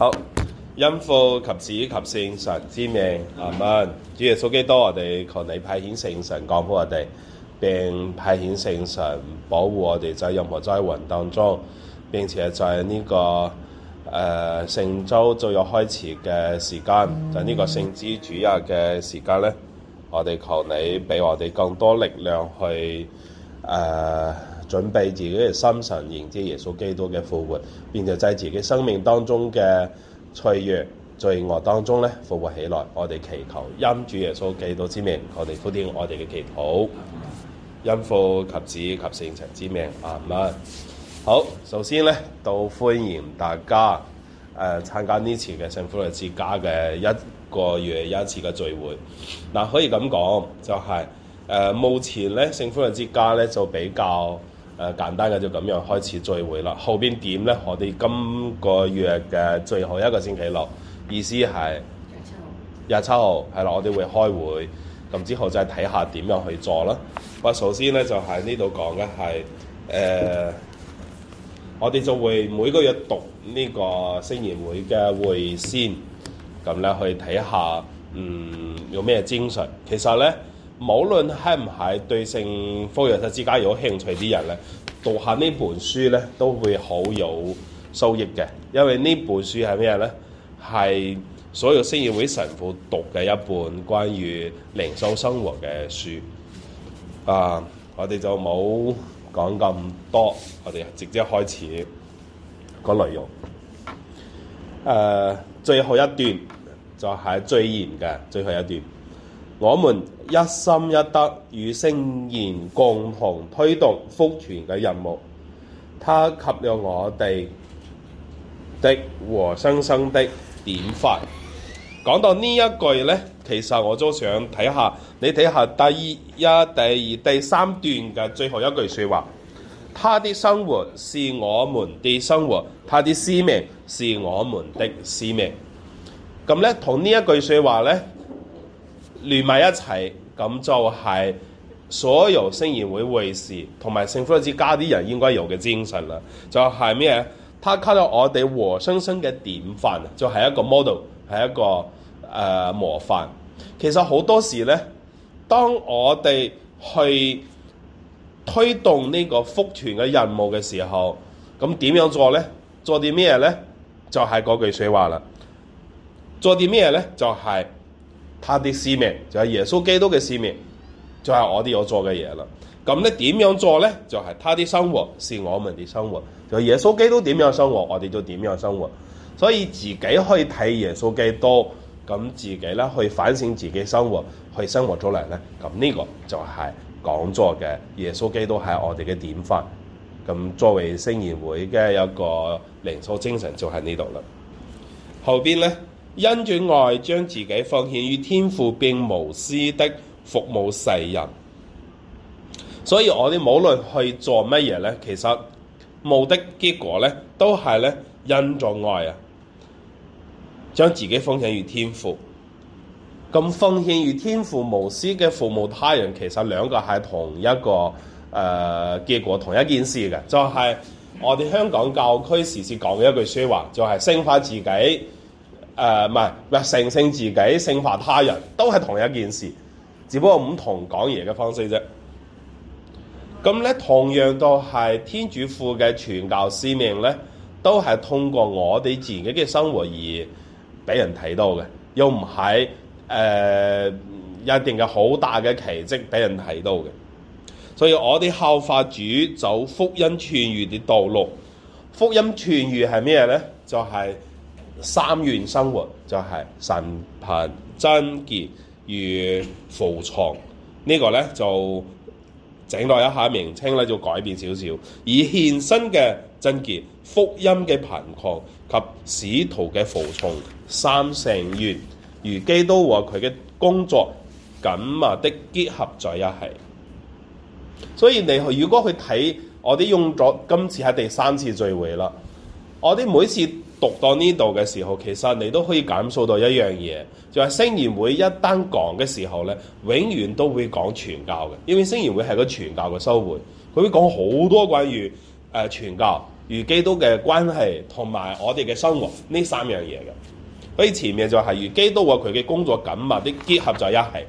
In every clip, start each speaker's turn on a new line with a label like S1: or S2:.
S1: 好，因父及子及聖神之名。阿 Yes. 們，們。主耶穌基督，多我哋求你派遣聖神降福我哋，並派遣聖神保護我哋在任何災禍當中，並且在呢、這個誒聖周早日開始嘅時間，mm. 在個聖之間呢個聖枝主日嘅時間咧，我哋求你俾我哋更多力量去誒。呃準備自己嘅心神迎接耶穌基督嘅復活，並且喺自己生命當中嘅脆弱罪惡當中咧，復活起來。我哋祈求，因主耶穌基督之名，我哋俯聽，我哋嘅祈禱，因父及子及聖神之名。啊，咁好，首先咧都歡迎大家誒、呃、參加呢次嘅聖福若瑟之家嘅一個月一次嘅聚會。嗱、呃，可以咁講，就係、是、誒、呃、目前咧聖福若瑟之家咧就比較。誒、啊、簡單嘅就咁樣開始聚會啦，後邊點咧？我哋今個月嘅最後一個星期六，意思係廿七號，廿七號係啦，我哋會開會，咁之後再睇下點樣去做啦。哇，首先咧就喺呢度講嘅係誒，我哋就會每個月讀呢個聖言會嘅會先，咁咧去睇下嗯有咩精神。其實咧。無論係唔係對聖福若瑟之家有興趣啲人咧，讀下呢本書咧，都會好有收益嘅。因為呢本書係咩咧？係所有聖言會神父讀嘅一本關於靈修生活嘅書。啊，我哋就冇講咁多，我哋直接開始個內容。誒、啊，最後一段就係、是、最嚴嘅最後一段。我們一心一德與聖言共同推動復全嘅任務，他給了我哋的活生生的典範。講到呢一句呢，其實我都想睇下你睇下第一、第二、第三段嘅最後一句說話。他的生活是我們的生活，他的使命是我們的使命。咁呢，同呢一句說話呢。連埋一齊，咁就係所有聖言會會士同埋聖福若瑟之家啲人應該有嘅精神啦。就係咩咧？他給咗我哋活生生嘅典範，就係、是、一個 model，係一個誒、呃、模範。其實好多時咧，當我哋去推動呢個福傳嘅任務嘅時候，咁點樣做咧？做啲咩咧？就係、是、嗰句說話啦。做啲咩咧？就係、是。他的使命就係、是、耶穌基督嘅使命，就係、是、我哋要做嘅嘢啦。咁咧點樣做咧？就係、是、他的生活是我們嘅生活，就是、耶穌基督點樣生活，我哋就點樣生活。所以自己去睇耶穌基督，咁自己咧去反省自己生活，去生活出嚟咧。咁呢個就係講咗嘅耶穌基督係我哋嘅典範。咁作為聖言會嘅一個靈修精神，就喺呢度啦。後邊咧。因住愛，將自己奉獻於天父，並無私的服務世人。所以，我哋無論去做乜嘢咧，其實目的結果咧，都係咧因著愛啊，將自己奉獻於天父。咁奉獻於天父，無私嘅服務他人，其實兩個係同一個誒、呃、結果，同一件事嘅。就係、是、我哋香港教區時時講嘅一句說話，就係聖化自己。誒，唔係、呃，唔係成聖自己，聖化他人都係同一件事，只不過唔同講嘢嘅方式啫。咁咧，同樣都係天主父嘅傳教使命咧，都係通過我哋自己嘅生活而俾人睇到嘅，又唔係誒一定嘅好大嘅奇蹟俾人睇到嘅。所以我哋效法主走福音傳揚嘅道路，福音傳揚係咩咧？就係、是。三願生活就係、是、神貧貞潔與服從，這個、呢個咧就整落一下名稱咧就改變少少，以獻身嘅貞潔、福音嘅貧窮及使徒嘅服從三成願，如基督和佢嘅工作緊密的結合在一起。所以你去，如果去睇，我哋用咗今次係第三次聚會啦。我哋每次讀到呢度嘅時候，其實你都可以感受到一樣嘢，就係、是、聖言會一單講嘅時候咧，永遠都會講傳教嘅，因為聖言會係個傳教嘅修會，佢會講好多關於誒傳教與基督嘅關係，同埋我哋嘅生活呢三樣嘢嘅。所以前面就係、是、與基督和佢嘅工作緊密啲結合在一起，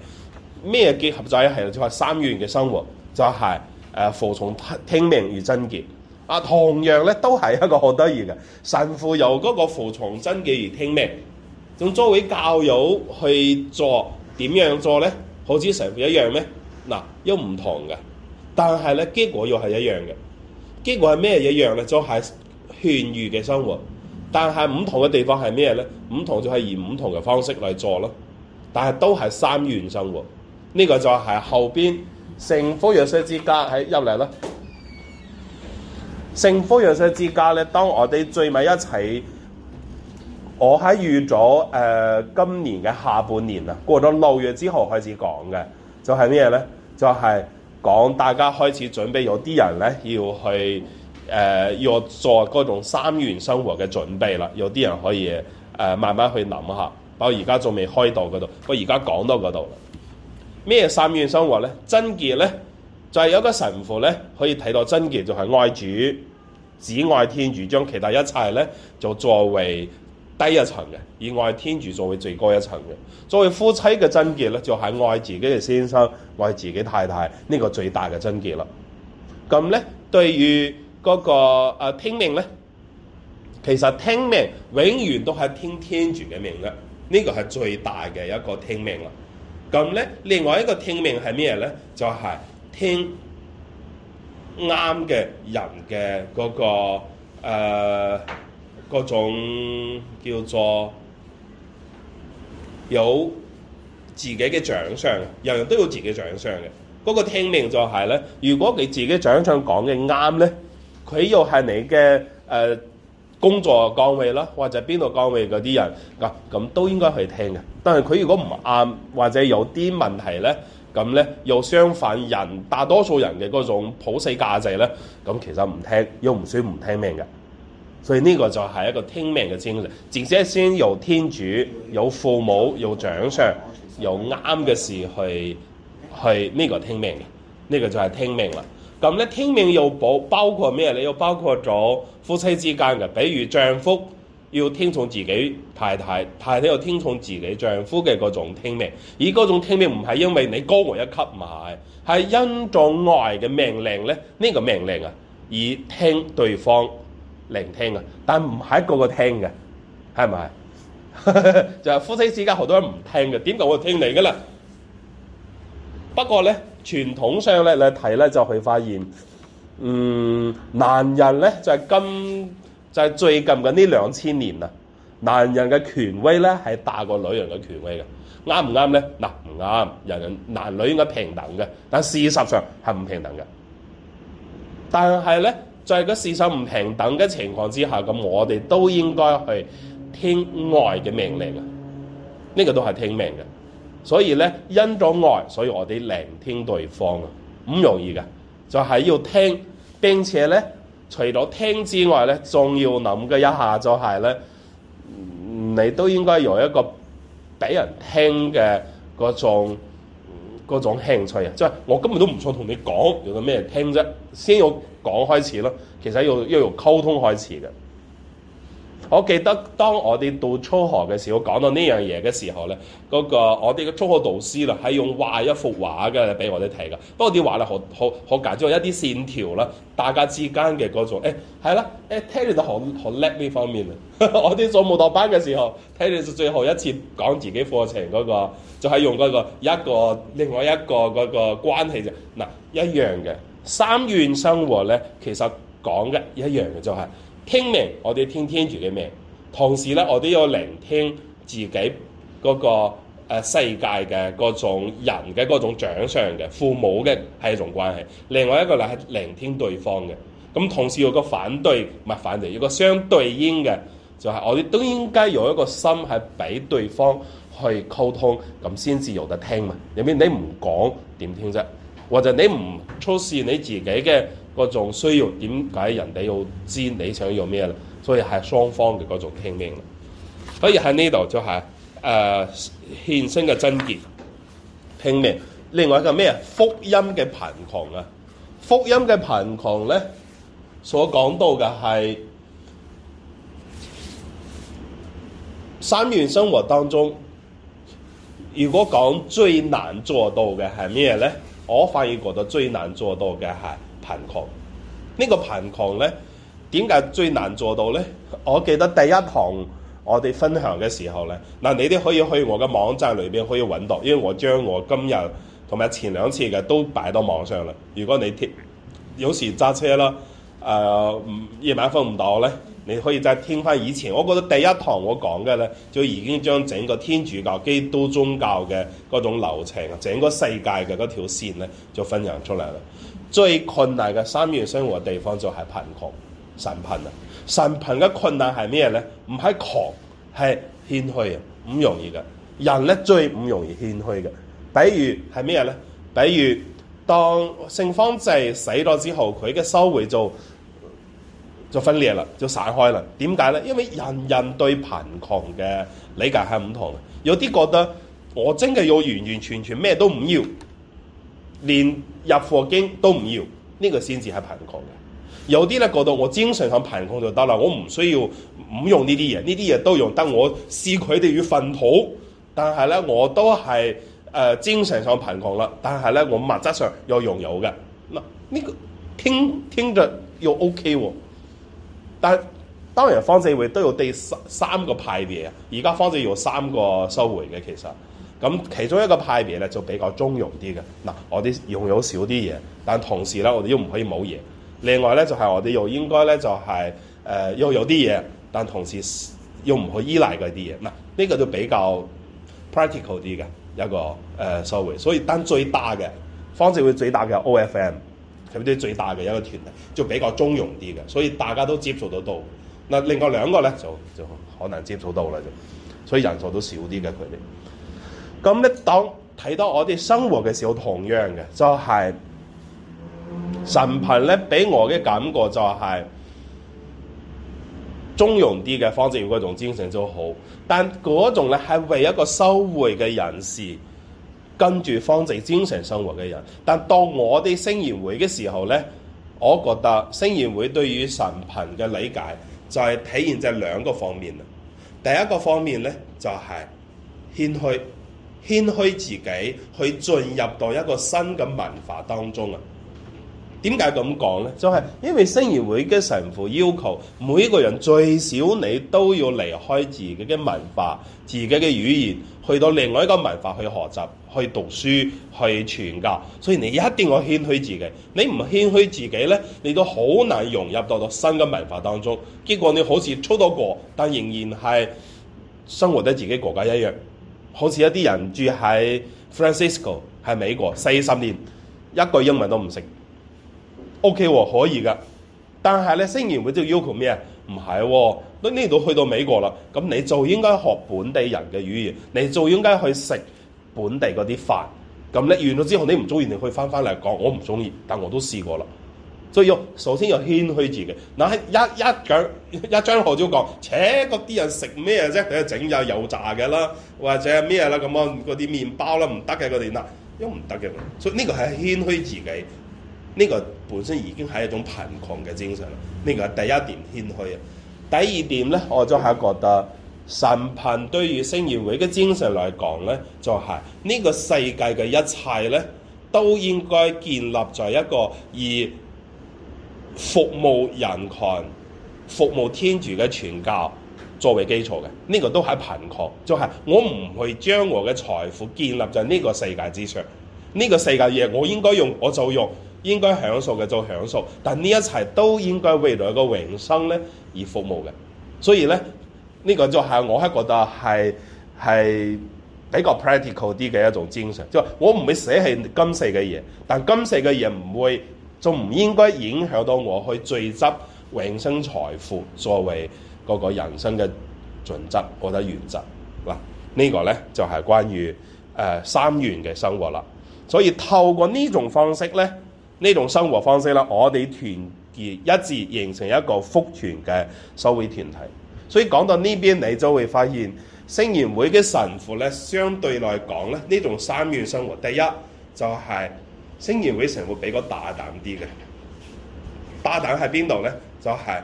S1: 咩結合在一起就係、是、三願嘅生活，就係、是、誒服從聽命與貞潔。啊，同樣咧都係一個好得意嘅神父，由嗰個服從真嘅而聽命，咁作為教友去做點樣做咧，好似神父一樣咩？嗱，又唔同嘅，但係咧結果又係一樣嘅。結果係咩一樣咧？就係、是、勸喻嘅生活，但係唔同嘅地方係咩咧？唔同就係以唔同嘅方式嚟做咯，但係都係三願生活。呢、這個就係後邊聖福若瑟之家喺入嚟啦。聖福若瑟之家咧，當我哋聚埋一齊，我喺預咗誒今年嘅下半年啦，過咗六月之後開始講嘅，就係咩咧？就係、是、講大家開始準備，有啲人咧要去誒、呃、要做嗰種三願生活嘅準備啦。有啲人可以誒、呃、慢慢去諗下，包我而家仲未開到嗰度，我而家講到嗰度。咩三願生活咧？真結咧？就係有個神父咧，可以睇到貞潔就係愛主，只愛天主，將其他一切咧就作為低一層嘅，以愛天主作為最高一層嘅。作為夫妻嘅貞潔咧，就係、是、愛自己嘅先生，愛自己太太呢、這個最大嘅貞潔啦。咁咧，對於嗰個誒聽命咧，其實聽命永遠都係聽天主嘅命嘅，呢、這個係最大嘅一個聽命啦。咁咧，另外一個聽命係咩咧？就係、是。聽啱嘅人嘅嗰、那個誒、呃、種叫做有自己嘅長上，人人都有自己長上嘅。嗰、那個聽命就係、是、咧，如果你自己長上講嘅啱咧，佢又係你嘅誒、呃、工作崗位啦，或者邊度崗位嗰啲人咁咁都應該去聽嘅。但係佢如果唔啱，或者有啲問題咧。咁咧又相反人，人大多數人嘅嗰種普世價值咧，咁其實唔聽，又唔算唔聽命嘅。所以呢個就係一個聽命嘅精神，而且先由天主、有父母、有長上，有啱嘅事去去呢個聽命嘅，呢個就係聽命啦。咁咧聽命又包括包括咩？你又包括咗夫妻之間嘅，比如丈夫。要聽從自己太太，太太要聽從自己丈夫嘅嗰種聽命，而嗰種聽命唔係因為你高我一級買，係因種愛嘅命令咧，呢、呢個命令啊而聽對方聆聽啊，但唔係個個聽嘅，係咪？ 就係夫妻之間好多人唔聽嘅，點解會聽你噶啦？不過咧，傳統上咧你睇咧就會發現，嗯，男人咧就係、係、跟，就係最近嘅呢兩千年啦，男人嘅權威咧係大過女人嘅權威嘅，啱唔啱咧？嗱唔啱，男人男女應該平等嘅，但事實上係唔平等嘅。但係咧，就係、在個事實唔平等嘅情況之下，咁我哋都應該去聽愛嘅命令啊！呢、呢個都係聽命嘅，所以咧因咗愛，所以我哋聆聽對方啊，唔容易嘅，就係、係、要聽並且咧。除咗聽之外呢，仲要諗嘅一下就係呢。你都應該有一個俾人聽嘅嗰種嗰種興趣啊！即係我根本都唔想同你講，有個咩聽啫，先要講開始咯。其實要一路溝通開始嘅。我記得當我哋讀初學嘅時候，講到呢樣嘢嘅時候咧，嗰、那個我哋嘅初學導師啦，係用畫一幅畫嘅俾我哋睇嘅。不過啲畫咧，好好好簡單，一啲線條啦，大家之間嘅嗰種，誒係啦，誒、欸、聽你就好好叻呢方面啊！ 我哋做慕道班嘅時候，睇你最後一次講自己課程嗰、那個，就係、是、用嗰個一個另外一個嗰個關係就嗱一樣嘅三願生活咧，其實講嘅一樣嘅就係、是。聽命，我哋聽天主嘅命；同時咧，我哋要聆聽自己嗰個世界嘅各種人嘅各種長相嘅父母嘅係一種關係。另外一個咧係聆聽對方嘅。咁同時有個反對物，反對有個相對應嘅，就係、是、我哋都應該有一個心係俾對方去溝通，咁先至有得聽嘛。有咩你唔講點聽啫？或者你唔促使你自己嘅？嗰種需要點解人哋要知你想要咩咧？所以係雙方嘅嗰種聽命啦。所以喺呢度就係誒獻身嘅貞潔聽命。另外一個咩啊？福音嘅貧窮啊！福音嘅貧窮咧，所講到嘅係三願生活當中，如果講最難做到嘅係咩咧？我反而覺得最難做到嘅係。呢個貧窮呢，點解最難做到呢？我記得第一堂我哋分享嘅時候呢，嗱，你哋可以去我嘅網站裏邊可以揾到，因為我將我今日同埋前兩次嘅都擺到網上啦。如果你聽有時揸車啦，誒、呃，夜晚瞓唔到呢，你可以再聽翻以前。我覺得第一堂我講嘅呢，就已經將整個天主教、基督宗教嘅嗰種流程啊，整個世界嘅嗰條線呢，就分享出嚟啦。最困難嘅三願生活地方就係貧窮，神貧啊！神貧嘅困難係咩咧？唔係窮，係謙虛，唔容易嘅。人咧最唔容易謙虛嘅，比如係咩咧？比如當聖方濟死咗之後，佢嘅收回就就分裂啦，就散開啦。點解咧？因為人人對貧窮嘅理解係唔同嘅，有啲覺得我真係要完完全全咩都唔要。連入貨經都唔要，呢、這個先至係貧窮嘅。有啲咧覺得我精神上貧窮就得啦，我唔需要唔用呢啲嘢，呢啲嘢都用得。我視佢哋如糞土，但係咧我都係誒、呃、精神上貧窮啦。但係咧我物質上有、這個、又擁有嘅。嗱，呢個聽聽着要 OK 喎、哦。但當然方正會都有第三三個派別啊。而家方正有三個收回嘅其實。咁其中一個派別咧就比較中庸啲嘅，嗱，我哋擁有少啲嘢，但同時咧我哋又唔可以冇嘢。另外咧就係我哋又應該咧就係誒又有啲嘢，但同時又唔去依賴嗰啲嘢。嗱，呢個就比較 practical 啲嘅一個誒收 y 所以單最大嘅方濟會最大嘅 O F M 佢咪啲最大嘅一個團體，就比較中庸啲嘅，就是就是呃這個呃，所以大家都接觸得到。嗱，另外兩個咧就就可能接觸到啦，就所以人數都少啲嘅佢哋。咁咧，當睇到我哋生活嘅時候，同樣嘅就係、是、神貧咧，俾我嘅感覺就係中庸啲嘅方正，嗰種精神就好。但嗰種咧係為一個修會嘅人士跟住方正精神生活嘅人。但到我哋聖言會嘅時候咧，我覺得聖言會對於神貧嘅理解，就係體現在兩個方面啦。第一個方面咧，就係謙虛。謙虛自己去進入到一個新嘅文化當中啊？點解咁講呢？就係、是、因為聖言會嘅神父要求每一個人最少你都要離開自己嘅文化、自己嘅語言，去到另外一個文化去學習、去讀書、去傳教。所以你一定要謙虛自己。你唔謙虛自己呢，你都好難融入到到新嘅文化當中。結果你好似出到國，但仍然係生活喺自己國家一樣。好似一啲人住喺 Francisco 喺美國四十年，一句英文都唔識。OK、哦、可以噶，但係咧，雖然佢就要求咩？唔係、哦，都呢度去到美國啦，咁你就應該學本地人嘅語言，你就應該去食本地嗰啲飯。咁你完咗之後，你唔中意，你可以翻返嚟講，我唔中意，但我都試過啦。所以，要首先要謙虛自己嗱，一一句一張口就講，請嗰啲人食咩啫？你整有油炸嘅啦，或者咩啦咁樣，嗰啲麵包啦唔得嘅，佢哋嗱都唔得嘅。所以呢個係謙虛自己，呢、這個本身已經係一種貧窮嘅精神。呢、這個係第一點謙虛啊。第二點咧，我就係覺得神貧對於聖言會嘅精神嚟講咧，就係、是、呢個世界嘅一切咧，都應該建立在一個而。服務人群、服務天主嘅傳教作為基礎嘅，呢、這個都係貧窮，就係、是、我唔會將我嘅財富建立在呢個世界之上。呢、這個世界嘢我應該用，我就用應該享受嘅就享受，但呢一切都應該為我嘅榮生咧而服務嘅。所以咧，呢、這個就係我係覺得係係比較 practical 啲嘅一種精神，就是、我唔會捨棄今世嘅嘢，但今世嘅嘢唔會。就唔應該影響到我去聚積永生財富，作為嗰個人生嘅準則，覺得原則嗱，呢個咧就係、是、關於誒、呃、三願嘅生活啦。所以透過呢種方式咧，呢種生活方式啦，我哋團結一致，形成一個福傳嘅社會團體。所以講到呢邊，你就會發現聖言會嘅神父咧，相對來講咧，呢種三願生活，第一就係、是。聖言會成會比較大膽啲嘅，大膽喺邊度咧？就係、是、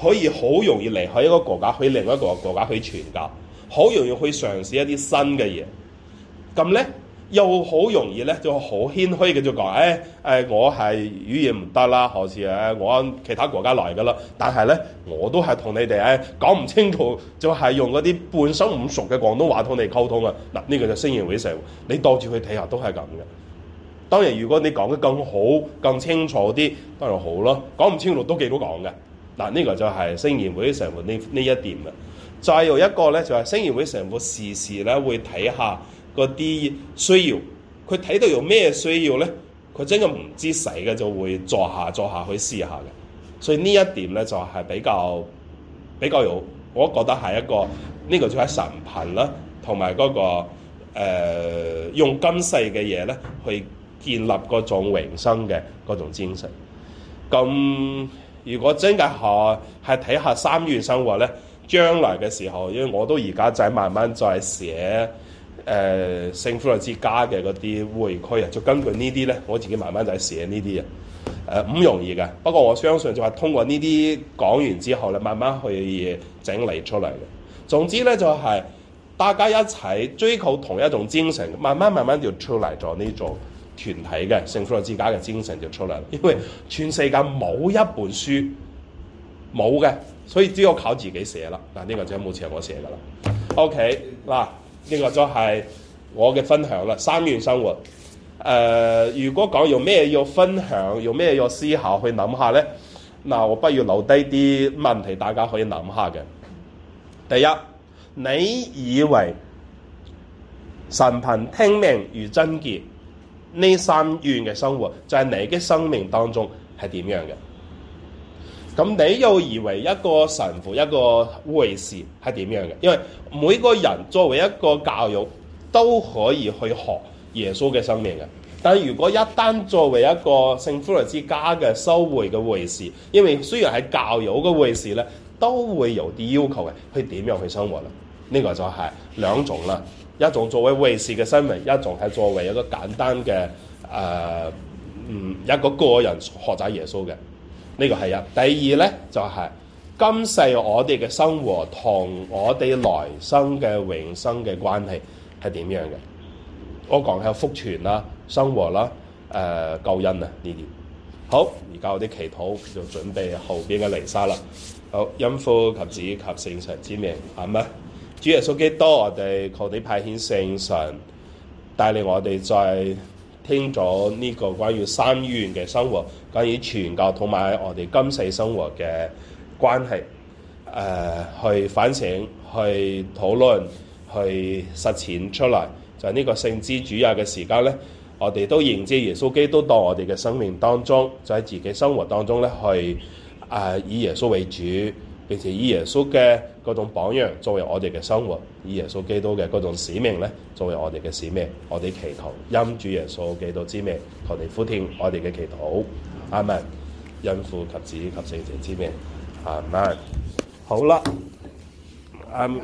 S1: 可以好容易離開一個國家，去另一個國家，去傳教，好容易去嘗試一啲新嘅嘢。咁咧，又好容易咧，就好謙虛嘅，就、哎、講，誒、哎、誒，我係語言唔得啦，何時誒？我喺其他國家來嘅啦。但係咧，我都係同你哋誒講唔清楚，就係、是、用嗰啲半生唔熟嘅廣東話同你溝通啊。嗱，呢個就聖言會成會，你到住去睇下都係咁嘅。當然，如果你講得更好、更清楚啲，當然好咯。講唔清，清楚都幾好講嘅。嗱、啊，呢、這個就係聖言會成員呢呢一點啦。再有一個咧，就係聖言會成員時時咧會睇下嗰啲需要，佢睇到有咩需要咧，佢真係唔知使嘅就會坐下坐下去試下嘅。所以呢一點咧就係、是、比較比較有，我覺得係一個呢、這個就係神貧啦，同埋嗰個、呃、用今世嘅嘢咧去。建立嗰種榮生嘅嗰種精神。咁如果真係學係睇下三願生活咧，將來嘅時候，因為我都而家就係慢慢再寫誒聖福若瑟之家嘅嗰啲會規啊，就根據呢啲咧，我自己慢慢就係寫呢啲啊。誒、呃、唔容易㗎，不過我相信就係通過呢啲講完之後咧，慢慢去整理出嚟嘅。總之咧就係、是、大家一齊追求同一種精神，慢慢慢慢就出嚟咗呢種。全體嘅，聖福若瑟之家嘅精神就出嚟，因為全世界冇一本書冇嘅，所以只有靠自己寫啦。嗱，呢個就冇錯，我寫噶啦。OK，嗱，呢、這個就係我嘅分享啦。三願生活，誒、呃，如果講用咩要分享，用咩要思考去諗下咧，嗱，我不如留低啲問題，大家可以諗下嘅。第一，你以為神貧聽命如貞潔？呢三願嘅生活就係、是、你嘅生命當中係點樣嘅？咁你又以為一個神父一個會士係點樣嘅？因為每個人作為一個教育，都可以去學耶穌嘅生命嘅。但如果一旦作為一個聖福若瑟之家嘅修會嘅會士，因為雖然係教育嘅會士咧，都會有啲要求嘅，去點樣去生活咧？呢個就係兩種啦，一種作為衞士嘅生命，一種係作為一個簡單嘅誒，嗯、呃、一個個人學習耶穌嘅呢個係一。第二咧就係、是、今世我哋嘅生活同我哋來生嘅永生嘅關係係點樣嘅？我講喺福全啦、啊、生活啦、啊、誒、呃、救恩啊呢啲、這個。好，而家我啲祈禱就準備後邊嘅彌撒啦。好，因父及子及聖神之名，啱咩？主耶穌基督多我哋，求你派遣聖神帶領我哋，再聽咗呢個關於三願嘅生活，關於傳教同埋我哋今世生活嘅關係，誒、呃、去反省、去討論、去實踐出嚟。就係、是、呢個聖子主啊嘅時間咧，我哋都認知耶穌基督到我哋嘅生命當中，就喺自己生活當中咧，去誒、呃、以耶穌為主。並且以耶穌嘅各種榜樣作為我哋嘅生活，以耶穌基督嘅各種使命咧作為我哋嘅使命，我哋祈禱，因主耶穌基督之名求你俯聽我哋嘅祈禱，阿門。因父及子及聖神之名。阿門。好啦，阿、um。